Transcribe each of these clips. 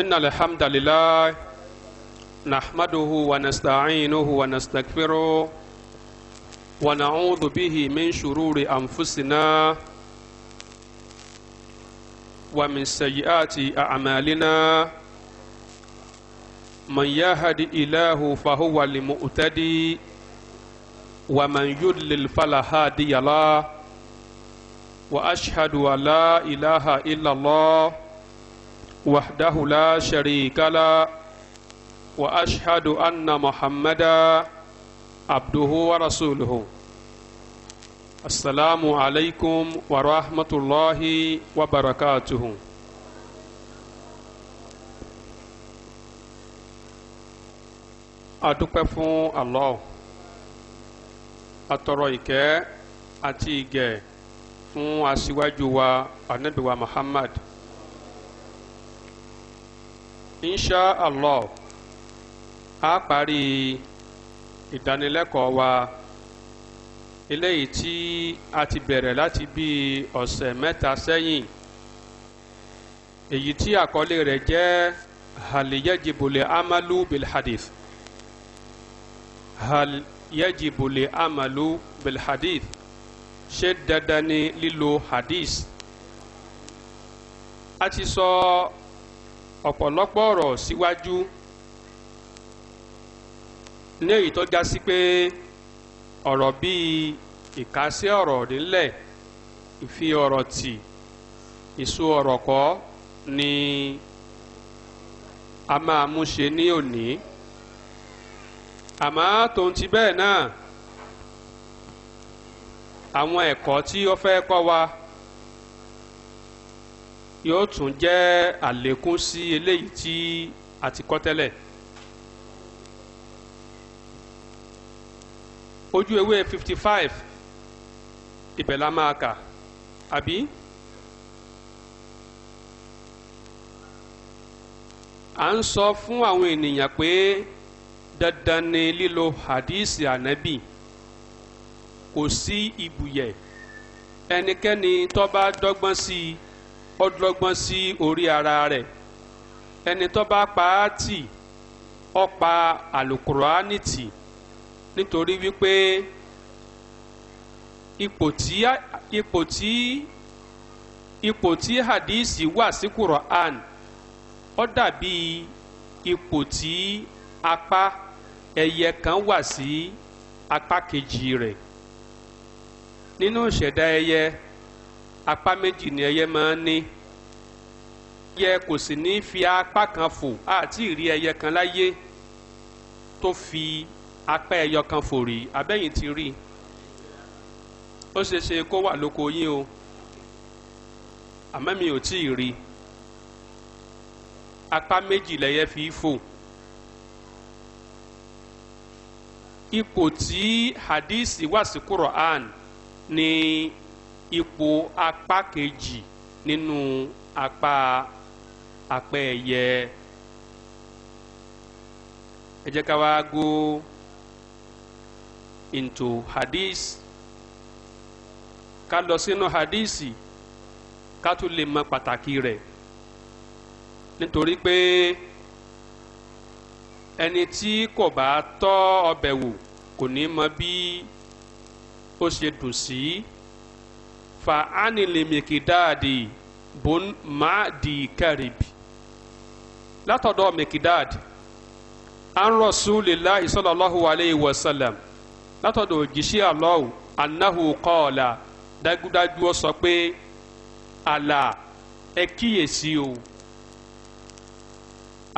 إن الحمد لله نحمده ونستعينه ونستغفره ونعوذ به من شرور أنفسنا ومن سيئات أعمالنا من يهد إله فهو المؤتدي ومن يضلل فلا هادي له وأشهد أن لا إله إلا الله وحده لا شريك له واشهد ان محمدا عبده ورسوله السلام عليكم ورحمه الله وبركاته adúpẹ́ fún Allah atọrọ ìkẹ́ àti ìgẹ̀ fún aṣíwájú wa anabiwa Muhammad insha allah a parí ìdánilẹ́kọ̀ọ́ wa eléyìí tí a ti bẹ̀rẹ̀ láti bí ọ̀sẹ̀ mẹ́ta sẹ́yìn èyí tí àkọlé rẹ̀ jẹ́ hal yajibu li amalu bil hadith hal yajibu li amalu bil hadith dandan ni lílo hadith a ti sọ. So, ọ̀pọ̀lọpọ̀ ọ̀rọ̀ síwájú ní èyí tó já sí pé ọ̀rọ̀ bíi ìkásẹ́ ọ̀rọ̀ nílẹ̀ ìfi ọ̀rọ̀ tì ìsú ọ̀rọ̀ kọ́ ni a máa mú ṣe ní òní àmọ́ tòun ti bẹ́ẹ̀ náà àwọn ẹ̀kọ́ tí ó fẹ́ kọ́ wa yóò tún jẹ́ àlékún sí eléyìí tí a ti kọ́ tẹ́lẹ̀. ojú ewé fifty five ibẹ̀ la máa kà àbí. à ń sọ fún àwọn ènìyàn pé dandan ni lílo hadisi ànábì kò sí ibùyẹ ẹnikẹ́ni tó bá dọ́gbọ́n sí i ọdọgbọn sí orí ara rẹ̀ ẹni tó bá pa á tì ó pa àlùkùránì tì nítorí wípé ipò tí ipò tí ipò tí hadisi wà sí quran ó dàbí ipò tí apá ẹyẹ kan wà sí apá kejì rẹ̀ nínú ìṣẹ̀dá ẹyẹ apá méjì ni ẹyẹ máa ń ní ẹyẹ kò sì ní fi apá kan fò àti ìrí ẹyẹ kan láyé tó fi apá ẹyọ kan fò rí abẹ́yìn ti rí ó ṣeé ṣe kó wà lóko yín o àmọ́ mi ò tí ì rí apá méjì lẹ́yẹ fi fò ipò tí hadisi wà sí Quran ni. ipò apá kejì nínú apá apẹ́ ẹ̀yẹ ẹ jẹ ká wá go into hadith ká lọ sínú hadísì ká tún lè mọ pàtàkì rẹ nítorí pé ẹni tí kò bá tọ́ ọbẹ̀ wò kò ní mọ bí ó ṣe dùn sí. Si fa anile mekidaadi bon ma di karibi látọ̀dọ̀ mekidaadi an rasulillahi sallallahu alayhi wa sallam látọ̀dọ̀ òjíṣẹ́ alọ́wù anahu kọ́ọ̀la dájúdájú ó sọ pé àlà ẹ kíyèsí o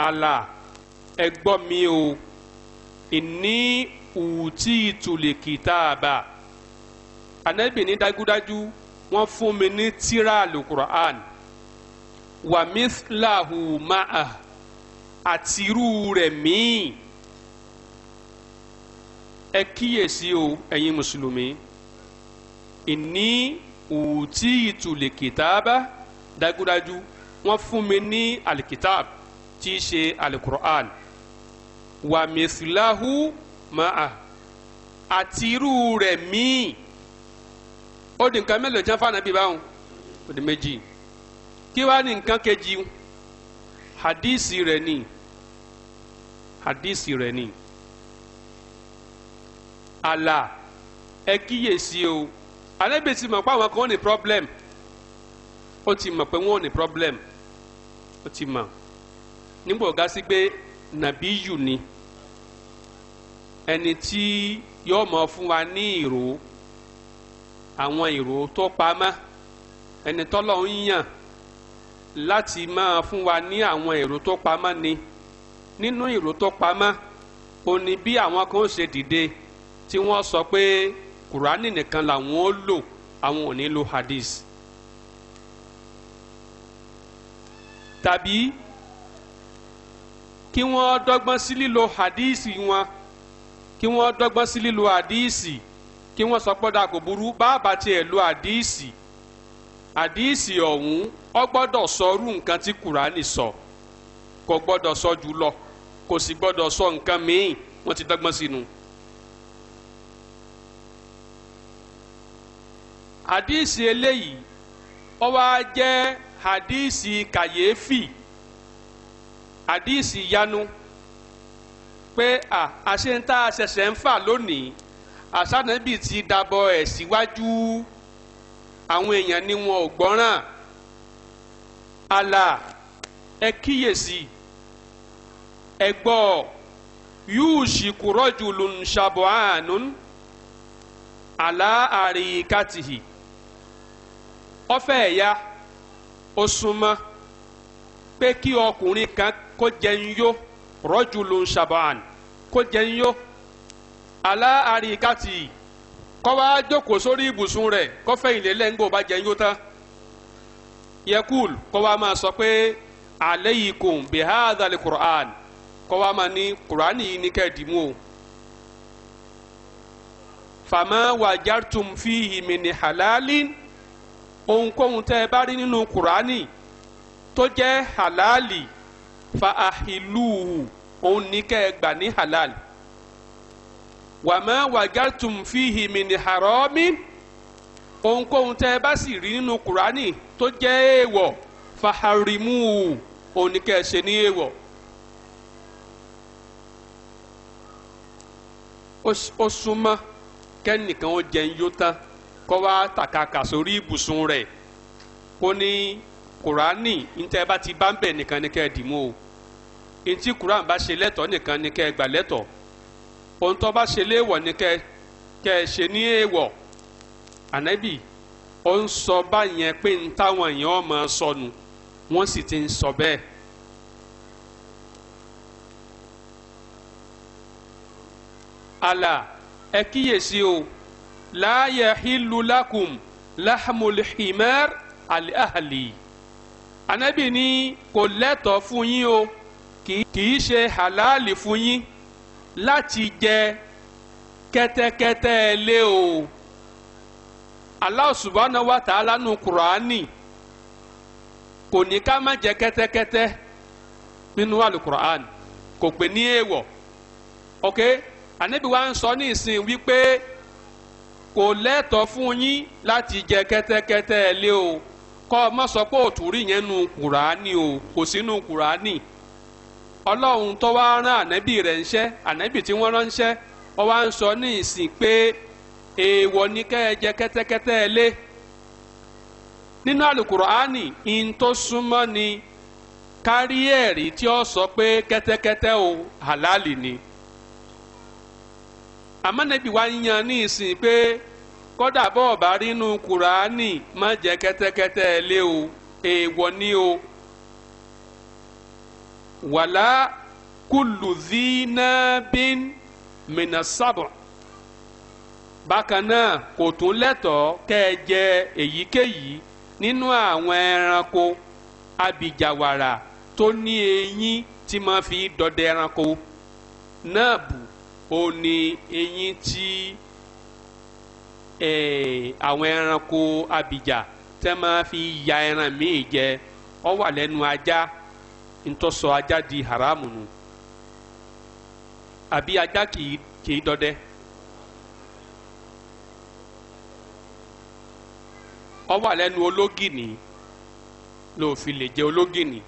àlà ẹ gbọ́ mi o ìní ùtí ìtùlẹ̀ kìtàbà ànábì ní dájúdájú wọ́n fún mi ní tírà alukur'an wà mithlahu ma'a àti irú rẹ̀ míì ẹ kíyèsí o ẹ̀yin mùsùlùmí ìní òtí ìtùlẹ̀ kìtàbà dájúdájú wọ́n fún mi ní alikitab tí í ṣe alukur'an wà mithlahu ma'a àti rẹ̀ míì ó di nǹkan mélòó tí wọ́n fànà bí báwọn ó di méjì kí wàá ní nǹkan kejì hadisi rẹ̀ ni hadisi rẹ̀ ni àlà ẹ kíyèsí o Ànábì ti mọ̀ pé àwọn kan ní problem ó ti mọ̀ pé wọ́n ní problem ó ti mọ̀ nígbà ọ̀gá sí pé nàbíyù ni ẹni tí yóò mọ̀ fún wa ní ìró àwọn ìró tó pamọ́ ẹni tọ́lọ̀ ń yàn láti máa fún wa ní àwọn ìró tó pamọ́ ni nínú ìró tó pamọ́ ó ní bí àwọn kan ṣe dìde tí wọ́n sọ pé kùránì nìkan làwọn ó lò àwọn ò ní lo hadith tàbí kí wọ́n dọ́gbọ́n sí lílo hadith wọn kí wọ́n dọ́gbọ́n sí lílo hadith kí wọ́n sọ pé dàkò burú bàbá tiẹ̀ lo àdíìsì àdíìsì ọ̀hún ọ gbọ́dọ̀ sọrú nǹkan tí kùránì sọ kò gbọ́dọ̀ sọ jù lọ kò sì gbọ́dọ̀ sọ nǹkan míì wọ́n ti dọ́gbọ́n sínú. àdíìsì eléyìí ó wá jẹ́ àdíìsì kàyéfì àdíìsì yanu pé à àṣẹ ń tá a ṣẹ̀ṣẹ̀ ń fà lónìí àṣànàbì ti dabọ̀ ẹ̀ siwaju, àwọn èèyàn ni wọn ò gbọ́ràn àlà ẹ kíyèsí ẹ gbọ́ yóò ṣì kúrọ́ jùlọ ń ṣàbọ̀ àánú àlà àríkàtìhì ọfẹ́ ẹ̀yà ó pé kí ọkùnrin kan kó jẹun yó rọ́jùlọ ń ṣàbọ̀ àánú kó yó. Ala àríkàtì kó wá jókòó sórí ibùsùn rẹ̀ kó fẹ̀yìnlẹ̀ lẹ́ńgbò bá jẹ́ yó tán yẹkùl kó máa sọ pé aleikum bihadhal qur'an kó wá máa ní qur'an yìí ní kẹ́ẹ̀dìmú o fama wajartum fihi ni halalin ohunkóhun tẹ́ ẹ bá rí nínú qur'ani tó jẹ́ halali fa ahiluhu òun ní kẹ́ ẹ gbà ní halali wàmẹ́ wàgàtùm fìhì mìnì hàrọ́mì ohunkóhun tẹ́ ẹ bá sì rí nínú kùránì tó jẹ́ èèwọ̀ fàhàrìmù òun ni kẹ́ ẹ ṣe ní èèwọ̀. ó súnmọ́ kẹ́nìkan ó jẹun yó tán kó wá tàkàkà sórí ibùsùn rẹ̀ kó ní kùránì níta ẹ bá ti bá ń bẹ̀ nìkan ni kẹ́ ẹ dì mú o ntí kùránì bá ṣe lẹ́tọ̀ọ́ nìkan ni kẹ́ ẹ gbà lẹ́tọ̀ọ́ ohun tó bá ṣe léèwọ̀ ni kẹ́ kẹ́ ẹ ṣe ní èèwọ̀ ànábì ó ń sọ báyẹn pé ń táwọn èèyàn ọmọ sọnù wọ́n sì ti ń sọ bẹ́ẹ̀. àlà ẹ kíyèsí o láàyè hílùlákùm láhàmùlìhìmẹ́r àlìáhàlì ànábì ni kò lẹ́tọ̀ọ́ fún yín o kì í ṣe hàlálì fún yín. láti jẹ kẹtẹkẹtẹ lé o Allah subhanahu wa ta'ala nínú kùránì kò ní ká má jẹ kẹtẹkẹtẹ nínú alukùránì kò pè ní èèwọ̀ ok ànábì wa ń sọ ní ìsìn wípé kò lẹ́tọ̀ọ́ fún yín láti jẹ kẹtẹkẹtẹ lé o kọ́ ọ mọ́ sọ pé òtún rí yẹn nínú kùránì o kò sí nínú kùránì. ọlọ́run tó wá rán ànábì rẹ̀ ńṣẹ́ ànẹ́bí tí wọ́n ránṣẹ́ ó wá ń sọ ní ìsìn pé èèwọ̀ ni kẹ́ kẹ́tẹ́kẹ́tẹ́ ẹ Nínú nínú àlùkùránì in tó súnmọ́ ni kárí ẹ̀rí tí ó sọ pé kẹ́tẹ́kẹ́tẹ́ o hàlálì ni àmọ́nẹ́bí wa yan ní ìsìn pé kódà bọ́ọ̀bà rínú kùránì má jẹ kẹ́tẹ́kẹ́tẹ́ ẹ o èèwọ̀ ni o. wala kullu zinabin mina sabu bákan náà kò tún lẹ́tọ̀ kẹjẹ ẹ èyíkéyìí nínú àwọn ẹranko abìjàwàrà tó ní eyín tí máa fi dọdẹ ẹranko náà bù ó ní eyín tí àwọn ẹranko abìjà tẹ́ máa fi ya ẹran míì jẹ ó wà lẹ́nu ajá. Ntọsọ ajá di haramu nu abi ajá kìí kii dọdẹ ó wà lẹ́nu ológìní ologini. fi le jẹ ológìní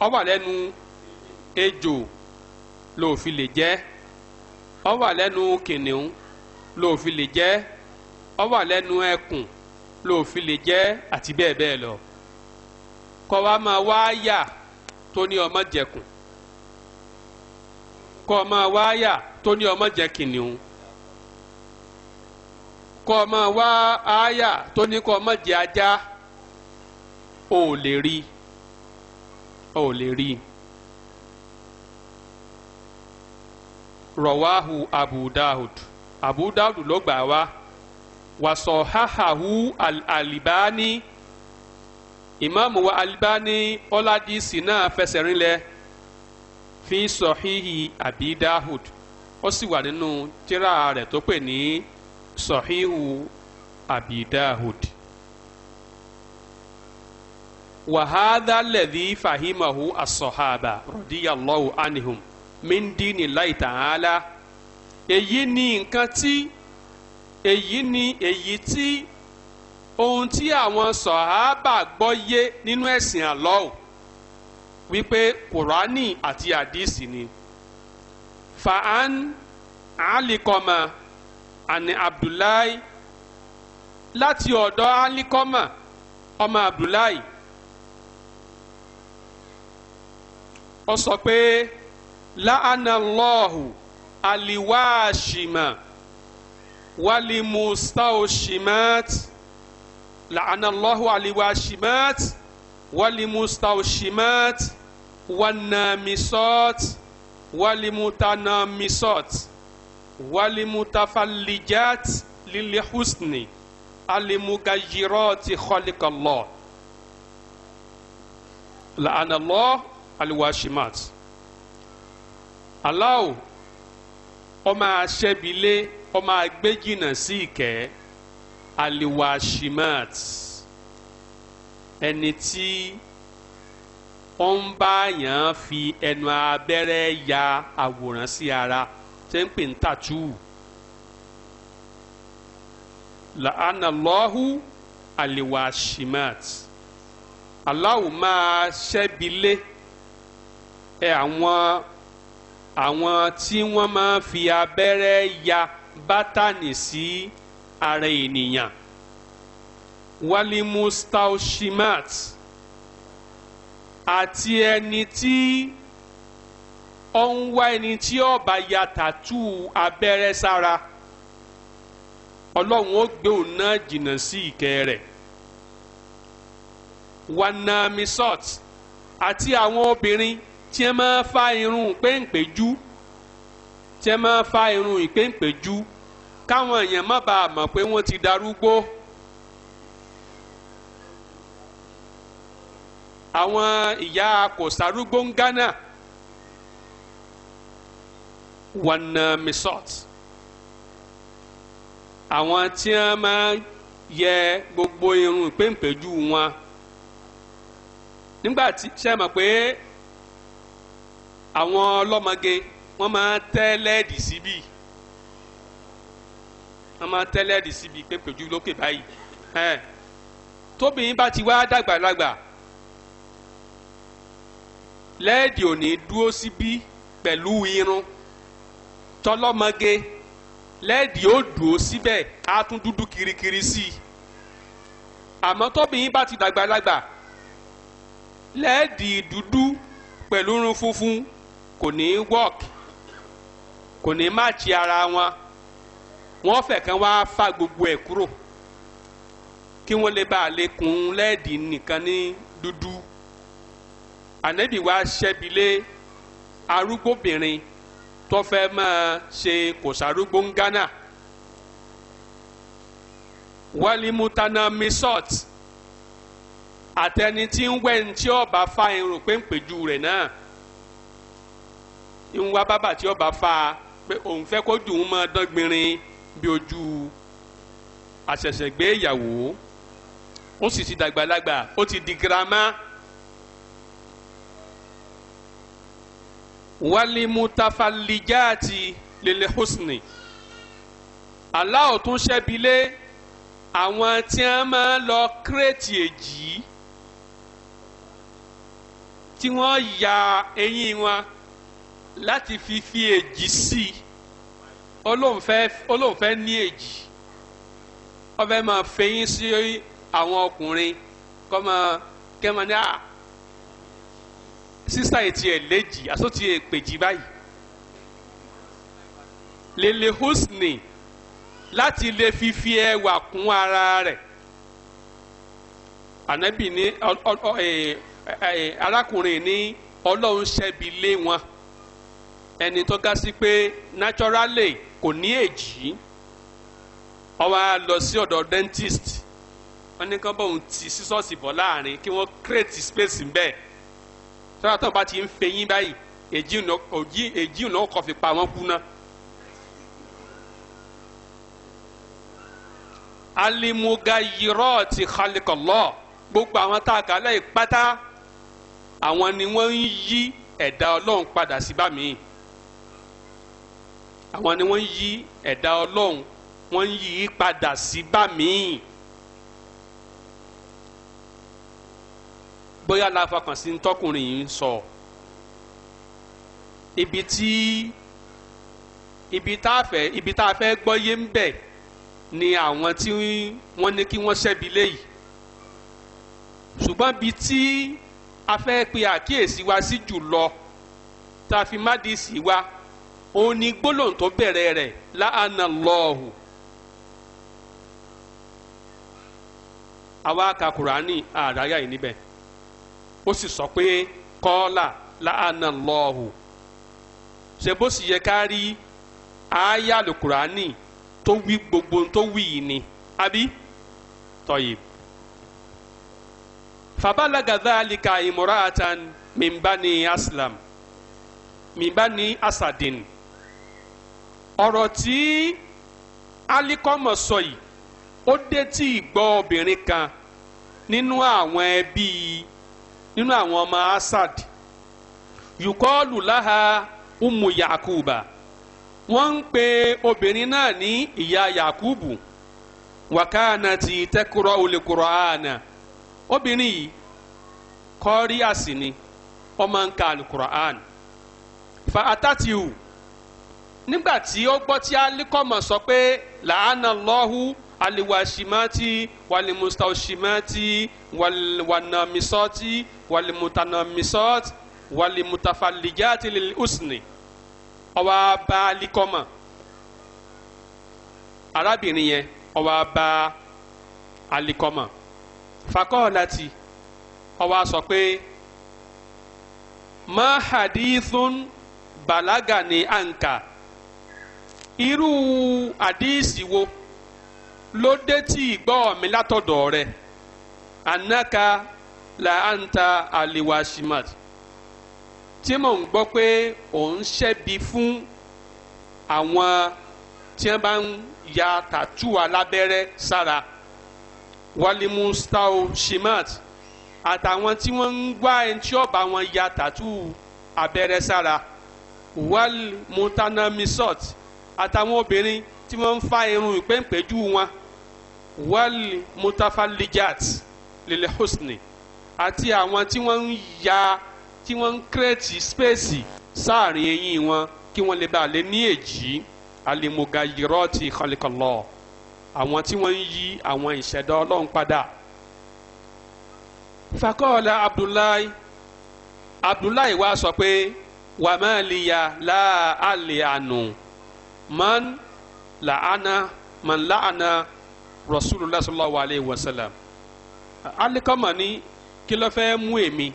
ó wà lẹ́nu ejò ló fi lè jẹ ó wà lẹ́nu kìnìún fi lè jẹ ó wà ẹkùn ló fi lè jẹ àti lọ. kọ́ wa máa wá yà tó ní ọmọ jẹkùn kọ́ máa wá yà tó ní ọmọ jẹ kìnìún kọ́ máa wá àyà tó ní kọ́ ọmọ jẹ ajá ò lè rí ò lè rí. rọ̀wáhu abu dahud ló gbà wá wàsọ̀ hahahu al-alibani. alibani al imaamu wa alibani ɔladi sina fɛsɛrin lɛ fi sɔhihi abi dahud ɔsi wa ninu tira rɛ tó pè ní sɔhihu abi dahud wahada lɛbi fahimahu asɔhaba rɔdiyalɔhu anihum mindi ni layi tahala èyí ni nkan ti èyí ni èyí ti. ohun tí àwọn sọ̀hábà gbọ́ yé nínú ẹ̀sìn àlọ́ọ̀ wípé kùránì àti àdìsí ni fa'an alikọ́mà àni abdullahi láti ọ̀dọ̀ alikọ́mà ọmọ abdullahi ó sọ pé la'anallahu aliwaashima walimustaoshimat. Wa la'anallahu aliwashimat walimustawshimat wanamisot walimutanamisot walimutafallijat lilihusni alimugayiroti khalikallah la'anallahu aliwashimat aláwo ọmọ aṣẹ́bilé ọmọ agbẹ́jìnà sí ìkẹ́ẹ́ aliwashimat ẹni tí ó ń bá yàn fi ẹnu abẹ́rẹ́ ya àwòrán sí ara tẹ́ ń pè ní tàtú la'anallahu aliwashimat Allah máa ṣẹ́bilé ẹ àwọn àwọn tí wọ́n máa fi abẹ́rẹ́ ya bátànì sí. Si, ara ènìyàn walimustaushimat àti ẹni tí ó ń wá ẹni tí ó bá ya tàtú abẹ́rẹ́ sára ọlọ́run ó gbé òun náà jìnnà sí ìkẹ́ rẹ̀ wanamisot àti àwọn obìnrin tí ẹ máa fa irun ìpéǹpéjú tí ẹ máa fa irun ìpéǹpéjú káwọn èèyàn má bàa mọ̀ pé wọ́n ti darúgbó àwọn ìyá kò sarúgbó ń Ghana wọnà misọt àwọn tí wọ́n máa yẹ gbogbo irun ìpéǹpéjú wọn nígbà tí ṣe mọ̀ pé àwọn ọlọ́mọge wọ́n máa tẹ́ lẹ́ẹ̀dì síbí. Si wọ́n máa tẹ́lẹ̀dì síbi pépèjú lókè báyìí tóbìnrin bá ti wá dàgbàlagbà lẹ́ẹ̀dì ò ní dúró síbí pẹ̀lú irun tọlọ́mọge lẹ́ẹ̀dì ó dúró síbẹ̀ á tún dúdú kirikiri sí i àmọ́ tóbìnrin bá ti dàgbàlagbà lẹ́ẹ̀dì dúdú pẹ̀lú irun funfun kò ní wọ́ọ̀kì kò ní máàcì ara wọn wọ́n fẹ́ kan wá fa gbogbo ẹ̀ kúrò kí wọ́n lè bá a kún lẹ́ẹ̀dì nìkan ní dúdú ànábì wa ṣẹ́bilé arúgbóbìnrin tó fẹ́ máa ṣe kòsàrúgbó ń Ghana wàlímútánà misọ́t àtẹni tí ń wẹ̀ ń tí ọba fa irun péńpéjú rẹ̀ náà ń wá bábà tí ọba fa pé òun fẹ́ kó dùn ún mọ́ dọ́gbìnrin bí ojú àṣẹ̀ṣẹ̀gbé ìyàwó ó sì ti dàgbàlagbà ó ti di girama walimutafalijaati lele husni Allah ó tún ṣẹ́bilé àwọn tí wọ́n máa ń lọ kírètì èjì tí wọ́n ya eyín wọn láti fi fi èjì sí i olóhùn fẹ́ olóhùn fẹ́ ní èjì ó fẹ́ máa fẹ̀yìn sí àwọn ọkùnrin kọ́ máa kẹ́ máa ní à ah, sísá ètí ẹ̀ léjì àsótì èpèjì báyìí lèlè húsnì láti lè fífi ẹwà kún ara rẹ̀ ànábì ní arákùnrin ní ọlọ́run ṣẹ́bi lé wọn ẹni tó ga sí pé naturally kò ní èjì ó wá lọ sí ọ̀dọ̀ dentist wọ́n ní kán bóun ti sísọ́ọ̀sì bọ̀ láàrin kí wọ́n create space ń bẹ̀ sọ́dọ̀ tó bá ti ń fẹyín báyìí èjì ìnáwó kọ̀ fi pa wọ́n kú náà. alimugayirọ́ọ̀tì khalikọ̀lọ́ gbogbo àwọn tá a kà lẹ́yìn pátá àwọn ni wọ́n ń yí ẹ̀dá ọlọ́run padà sí bá mi àwọn ni wọ́n yí ẹ̀dá ọlọ́run wọ́n yí i padà sí bá míì bóyá la sí tọkùnrin yìí ń sọ ibi tí ibi tá a fẹ́ ibi tá a fẹ́ gbọ́ yé ń bẹ̀ ni àwọn tí wọ́n ní kí wọ́n ṣẹ́bi léyìí ṣùgbọ́n ibi tí a fẹ́ pe àkíyèsí wa sí jùlọ tá a fi má dì sí wa. Si òun ni bẹ̀rẹ̀ rẹ̀ láàánà lọ́ọ̀hù. àwa ka kùránì o yìí níbẹ̀ ó sì sọ pé kọ́ọ́là láàánà lọ́ọ̀hù. ṣé bó sì yẹ ká rí àáyá lùkùránì tó wí gbogbo tó wí yìí ni àbí ọ̀rọ̀ tí alikọ́mọ̀ sọ yìí ó dé tí ìgbọ́ obìnrin kan nínú àwọn ẹbí nínú àwọn ọmọ Asad yukọ́ọ̀lù láha umu Yakuba wọ́n ń pe obìnrin náà ní ìyá Yakubu wakana ti tẹ́kùrọ̀ olè Kùránà obìnrin yìí kọ́rí àsìní ọmọ nǹkan Al-Kùránà fa atátiwù. nígbà tí ó gbọ́ tí alíkọ̀mọ̀ sọ pé làánà lọ́hù aliwaṣimati walimustaoṣimati waliwanamisọti walimutanamisọti walimutafalijati lilusni ọwọ́ abá alíkọ̀mọ̀ arábìnrin yẹn ọwọ́ abá alikọ̀mọ̀ fakọ́ọ̀láti ọwọ́ sọ pé ma hadithun ni anka irú àdíìsì wo ló dé tí ìgbọ́ mi látọ̀dọ̀ rẹ̀ anaka la anta aliwashimad tí mò ń gbọ́ pé òun ṣẹ́bi fún àwọn tí wọ́n bá ń ya tàtú alábẹ́rẹ́ sára walimustau shimat àtàwọn tí wọ́n ń gbá ẹni ọba wọn ya tàtú abẹ́rẹ́ sára wal mutanamisot àtàwọn obìnrin tí wọ́n ń fa irun ìpẹ́ǹpẹ́jú wọn wal mutafalijat lil husni àti àwọn tí wọ́n ń ya tí wọ́n ń kírètì spéèsì sáàrin eyín wọn kí wọ́n lè bá lè ní èjì alimugayirọ́ọ̀tì kọlikọlọ àwọn tí wọ́n ń yí àwọn ìṣẹ̀dá ọlọ́run padà. fakọ́ọ̀lá abdullahi abdullahi wa sọ pé wàmẹ́ẹ̀lìyà láàlẹ́ àánú man la'ana man la'ana rasulullah sallallahu alayhi wa sallam alikama ni kí ló fẹ́ mú èmi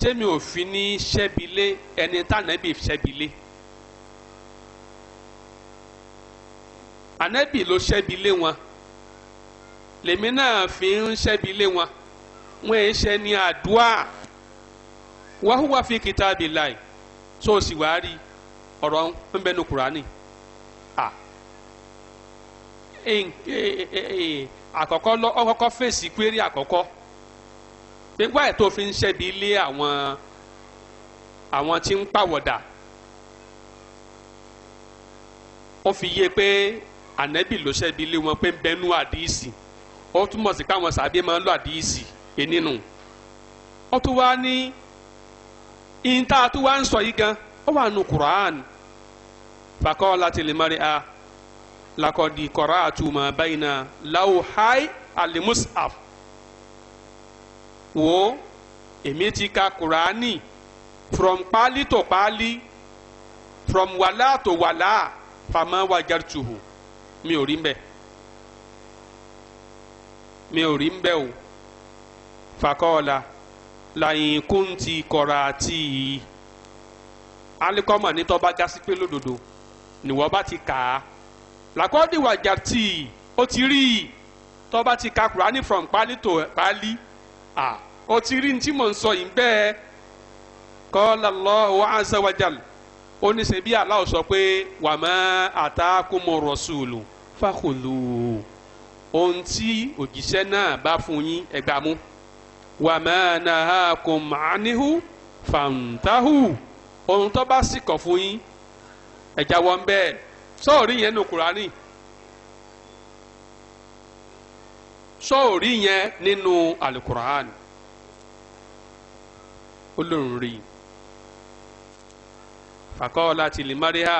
tẹ́mi ò fi ní ṣẹ́bilé ẹni tànàbì ṣẹ́bilé ànábì ló ṣẹ́bilé wọn lèmi náà fi ń ṣẹ́bilé wọn wọn èé ṣe ní àdúà wàhùwà fi kìtàbí láì tó o sì wá rí ọ̀rọ̀ ń bẹnu kùránì. Eh, eh, eh, àkọ́kọ́ lọ ọkọ́kọ́ fèsì kwérì àkọ́kọ́ pé wáyé tó fi ń ṣẹ́bi ilé àwọn àwọn tí ń pàwọ̀dà ó fi yé pé ànẹ́bì ló ṣẹ́bi ilé wọn pé ń bẹnu àdìsí ó túmọ̀ sí káwọn sàbí máa ń lọ àdìsí ènínú ó tún wá ní ìyìn tá a tún wá ń sọ yìí gan ó wà nù Quran fàkọ́ láti lè mọ́rí a lakọdi kọrọ atuma bayina lawo hai alimusaf wo èmi ti ka kurani from kpali to kpali from wala to wala fama wajartuhu mi ò rí mbẹ mi ò rí mbẹ o fakọọla layin kunti kọrọ ati alikọmọ gasi pe lódodo ni wọ́n ti kà làkọ́dì wàjà tì í ó ti rí i tó ti ka kùránì from pálí to pálí à ó ti rí ní tí mò ń sọ yìí bẹ́ẹ̀ qala Allahu azza wa jal ó ní ṣe bí Allah sọ pé wa ma atakumu rasulu fakhulu ohun tí òjíṣẹ́ náà bá fún yín ẹ gbà mú wa ma nahakum anhu fantahu ohun tó bá sì kọ̀ fún yín ẹ jáwọ́ bẹ́ẹ̀ sọ́ọ̀rí yẹn nínú kùránì sọ́ọ̀rí yẹn nínú àlùkùránì olóòrùn rí fàkọ́ọ̀lá tìlí mariha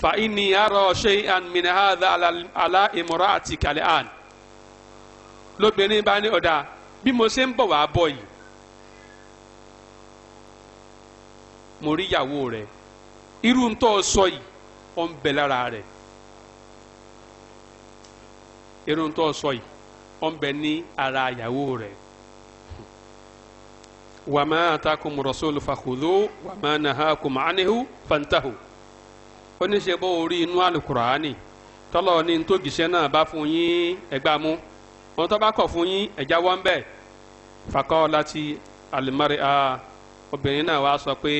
fa inni arọ shay'an min hadha ala imraati kal'an lóbìnrin bá ní ọ̀dà bí mo ṣe ń bọ̀ wá bọ̀ yìí mo rí ìyàwó rẹ̀. irú ń tọ́ sọ yìí ó ń bẹ lára rẹ̀ irú ń tọ́ sọ yìí ń bẹ ní ara ìyàwó rẹ̀ wa ma atakum rasulu fakhudhu wa ma nahakum anhu fantahu ó ní ṣe bọ́ orí inú àlùkùránì tọ́lọ́ ní tó náà bá fún yín ẹgbàá mú wọn tó bá kọ̀ fún yín ẹ̀já wọ́n bẹ́ẹ̀ obìnrin náà wá sọ pé.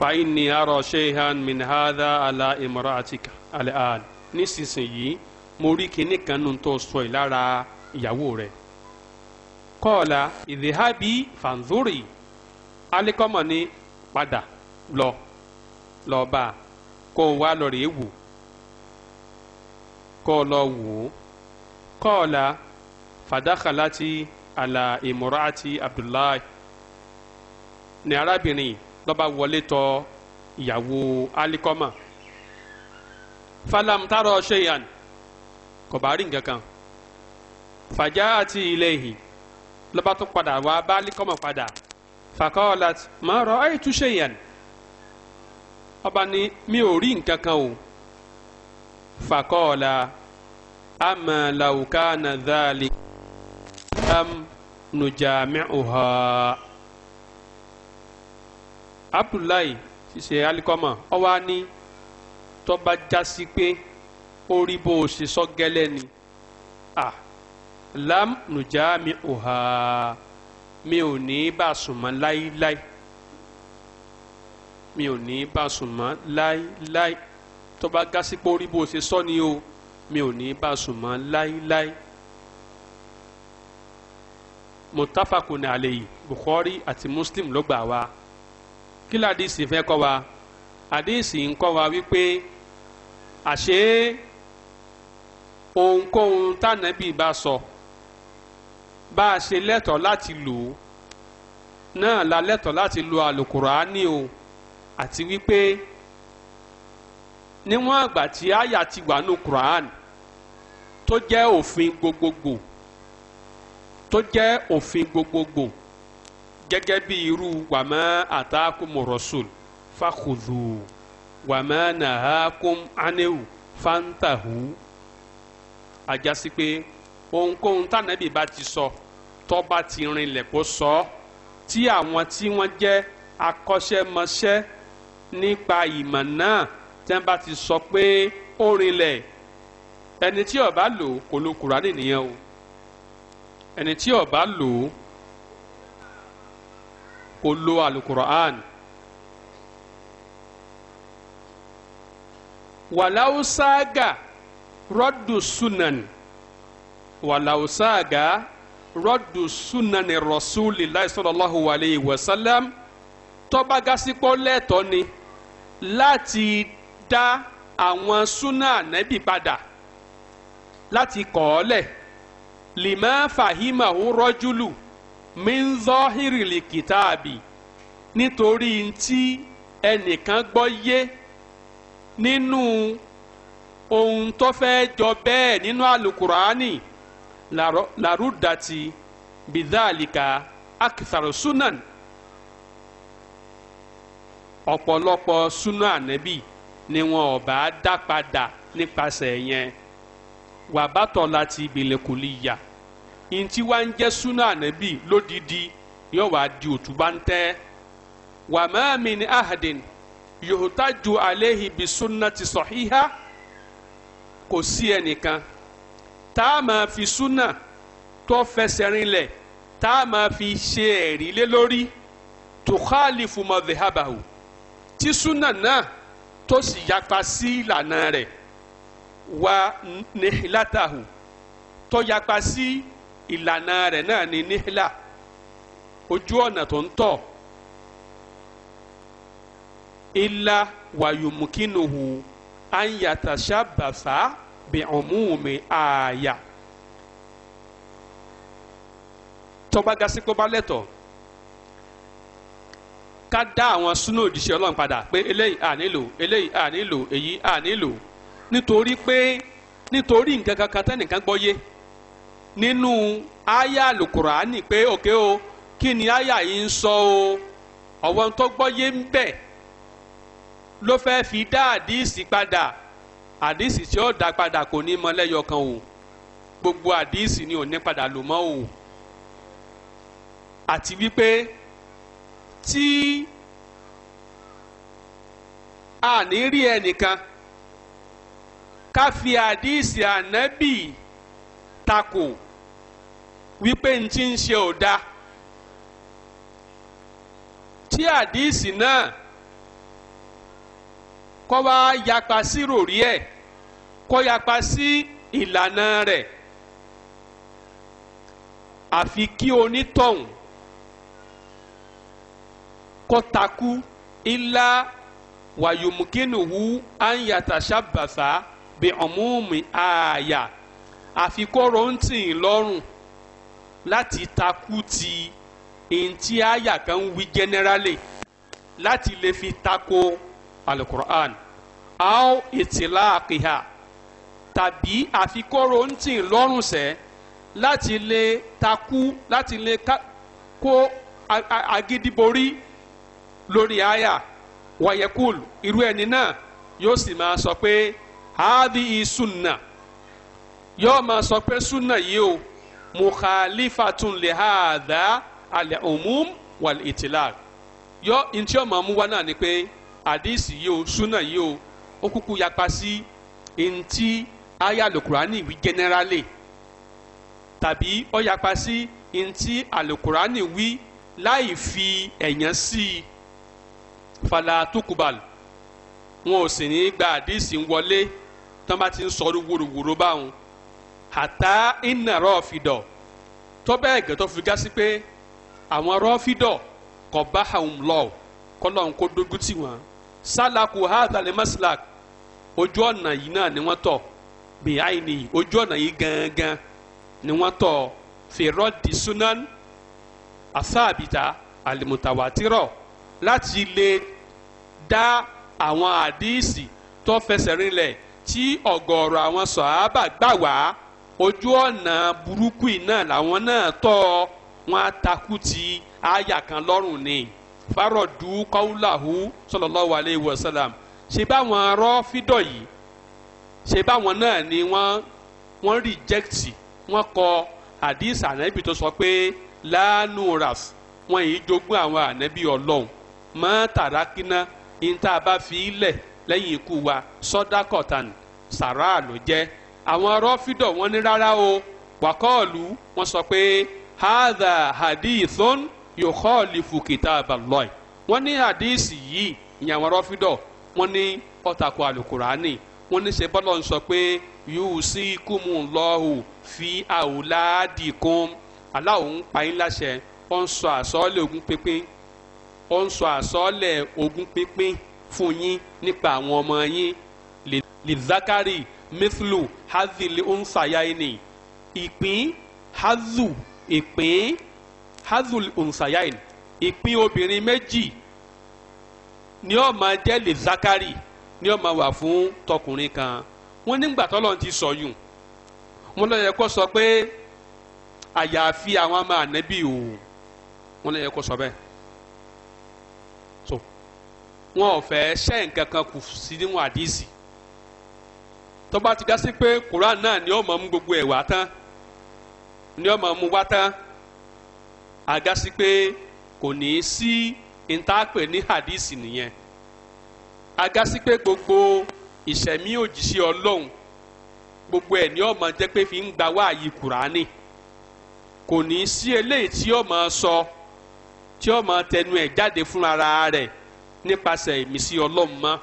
فإني أرى شيئا من هذا على امرأتك الآن nísinsìnyí mo rí kinní kan nù tó sọ yìí lára ìyàwó rẹ̀ kọ́ọ̀la ìdíhábì fanzuri alikọ́mọ̀ ni padà lọ lọ bá kó o wá lọ rèé wò kó o lọ wò ó kọ́ọ̀la fàdákàlá ti àlà ìmúra abdullahi ni arábìnrin yìí lọ́ba wọlé tọ ìyàwó alikọ́mà falam tarọ ṣeyan kò bá rí nǹkan kan fàjà àti ilayhi lọ́ba tó padà wá bá alikọ́mà padà faqalat ma ra'aytu ṣeyan ọba ni mi ò rí nǹkan kan o faqala amma law kana dhalik am nujami'uha abdullahi ṣiṣẹ́ alikọ́mọ̀ ó wá ní tó bá já sí pé ó rí bó o ṣe sọ gẹ́lẹ́ ni ah lam nujami oha mi ò ní bá sùn mọ́ láíláí mi ò ní bá sùn mọ́ láíláí tó bá já sí pé ó rí bó o ṣe sọ ni o mi ò ní bá sùn láíláí mutafakun alayhi bukhari ati muslim ló gbà wá. Kila ládìsí fẹ́ kọ́ wa àdìsí ń kọ́ wa wípé àṣé ohunkóhun tànàbí bá sọ bá a ṣe lẹ́tọ̀ọ́ láti lò ó náà la lẹ́tọ̀ọ́ láti lo àlùkùránì o àti wípé níwọ̀n àgbà tí àyà ti wà ní kùránì tó jẹ́ òfin gbogbogbò tó jẹ́ òfin gbogbogbò gẹ́gẹ́ bí irú wàmà àtàkùn mọ̀rọ̀sùn fàkùdù wàmà nàhákùn ánẹ́wù fáńtàhù àjásí pé ohunkóhun tànàbì bá ti sọ tọ́ba ti rinlẹ̀ kó sọ ọ́ tí àwọn tí wọ́n jẹ́ akọ́ṣẹ́mọṣẹ́ nípa ìmọ̀ náà tí wọ́n bá ti sọ pé ó rinlẹ̀ ẹni tí ó lò kò lo Kùránì nìyẹn o ẹni tí ó lò Al-Quran. Walau saga rọ́dù sunan walau saga rọ́dù sunan rasulillahi sallallahu Alaihi Wasallam, sallam tọ́ba gásípọ̀ lẹ́tọ́ ni láti dá àwọn súnà nẹ́bí padà láti kọ́ ọ́ lẹ̀ lima fahimahu rọ́júlù. min zahiri li kitabi nítorí ntí ẹnìkan gbọ́ yé nínú ohun tó fẹ́ jọ bẹ́ẹ̀ nínú alukurani larudati bidhalika akitharu sunan ọ̀pọ̀lọpọ̀ sunan anabi ni wọn ò bá dá padà nípasẹ̀ yẹn wàbátọ̀ láti ntí wá ń jẹ́ súnà ànábì lódìdí yóò wá di òtúbá ń tẹ́ wà má min ahadin yuhtaju alayhi bi sunnati sahiha kò sí ẹnìkan tá a máa fi súnà tó fẹsẹ̀ rinlẹ̀ tá a máa fi ṣe ẹ̀rí lé lórí tukhalifu madhhabahu tí súnà náà tó sì yapa sí ìlànà rẹ̀ wà níhìlátàhù tó yapa sí. Si ìlànà rẹ̀ náà ni níhìlà ojú ọ̀nà tó ń tọ̀ ilà wàyùmùkínuhu anyatashabasa bi umumi àyà tọ́ba gasikó bá lẹ́tọ̀ọ́ ká dá àwọn súnú òjíṣẹ́ ọlọ́run padà pé eléyìí à nílò eléyìí à nílò èyí à nílò nítorí pé nítorí nǹkan kankan tẹ́nìkan gbọ́ yé nínú àyà alukurani pé òkè o kí ni àyà yìí ń sọ o ọ̀wọ́n tó gbọ́yé ń bẹ̀ ló fẹ́ fi dá àdíìsì padà àdíìsì tí ó dá padà kò ní mọ lẹ́yọ kan o gbogbo àdíìsì ni ò ní padà lò mọ́ o àti wípé tí a ní rí ẹnìkan ká fi àdíìsì ànábì takò wípé n ti ń ṣe ò da tí àdíìsì náà kọ́ wá yapa sí ròrí ẹ̀ kọ́ yapa sí ìlànà rẹ̀ àfi kí onítọ̀hún kọ́ takú ilá wàyòmùkínùhù ànyàtàṣàbàfà bí ọ̀mùmí ààyà àfi kọ́ rọ́ǹtì lọ́rùn. láti takú ti ntí àyà kan wí generally láti lè fi tako alukur'an aw ìtìláàkìhà tàbí àfikọ́rọ̀ ń tì lọ́rùn sẹ́ láti lè takú láti lè kó agídíborí lórí àyà wàyẹ̀kùl irú ẹni náà yóò sì máa sọ pé haadi sunna yóò máa sọ pé sunna yìí o. mukhalifatun lihada al-umum wal-itlaq yọ ntí ọmọ mú wá náà ni pé àdìsí yìí o súnà yìí o ó kúkú yapa sí ntí aya alukurani wí generally tàbí ó yapa sí ntí alukurani wí láì fi ẹ̀yán sí i falatukubal wọn ò sì ní gba àdìsí wọlé tán bá ti ń sọ wúrúwúrú báwọn. Hata iná rọ́ọ̀fìdọ̀ tó bẹ́ẹ̀ gẹ́ tó fi gá sí pé àwọn rọ́ọ̀fìdọ̀ kò bá àwọn lọ kọ́lọ́n kó dógún tì wọ́n sálàkù hàtàlẹ́ ojú ọ̀nà yìí náà ni wọ́n tọ̀ bìháì ni ojú ọ̀nà yìí gangan ni wọ́n tọ̀ fèrọ́dì sunan asáàbìtà alimutawatirọ̀ láti lè dá àwọn àdíìsì tó fẹsẹ̀ rinlẹ̀ tí ọ̀gọ̀ọ̀rọ̀ àwọn sọ̀hábà gbà wá ojú ọ̀nà burúkú iná làwọn náà tọ́ wọn atakú ti àyà kan lọ́rùn ni fárọ̀dù kọ́wúláhù sallallahu alayhi wa sallam ṣe báwọn rọ́fídọ̀ yìí ṣe báwọn náà ni wọ́n wọ́n rìjẹ́kìtì wọ́n kọ àdìs ànábì tó sọ pé láàánú ras wọn yìí jogún àwọn ànábì ọlọ́run mọ́ tàràkínà ní tá a bá fi í lẹ̀ lẹ́yìn ikú wa sọ́dákọ̀tàn sàrà ló jẹ́ àwọn rọ́fídọ̀ wọ́n ní rárá o wàkọ́ọ̀lù wọ́n sọ pé hadha hadithun yukhalifu kitaballahi wọ́n ní hadisi yìí ìyẹn àwọn rọ́fídọ̀ wọ́n ní ó tako alukurani wọ́n ní ṣe bọ́lọ̀ ń sọ pé yusikumullahu fi auladikum aláwo ń pa yín láṣẹ ó ń sọ àsọ́ọ́lẹ̀ ogún pínpín ó ń sọ àsọ́ọ́lẹ̀ ogún pínpín fún yín nípa àwọn ọmọ yín lè zákàrí mithlu hazili onsayaini ìpín hazu ìpín hazul onsayaini ìpín obìnrin méjì ni ó máa jẹ́ lè zakari ni ó máa wà fún tọkùnrin kan wọ́n nígbà tọ́lọ́run ti sọ yùn wọ́n lọ yẹ kó sọ pé àyàfi àwọn ọmọ ànábì o wọ́n lọ yẹ kó sọ bẹ́ẹ̀ so wọn ò fẹ́ ṣẹ́ kù sí níwọ̀n àdìsí tó bá ti dá sí pé Quran náà ni ó mú gbogbo tán ni ó máa mú wá tán àga sí pé kò ní í sí ìtaàpè ní hadith nìyẹn àga sí pé gbogbo ìṣẹ̀mí òjìṣẹ́ Ọlọ́run gbogbo ẹ̀ ni ó máa jẹ́ pé fi ń gba wáàyí Kùránì kò ní í sí eléyìí tí ó sọ tí ó tẹnu ẹ̀ jáde fúnra rẹ̀ nípasẹ̀ ìmísí Ọlọ́run mọ́.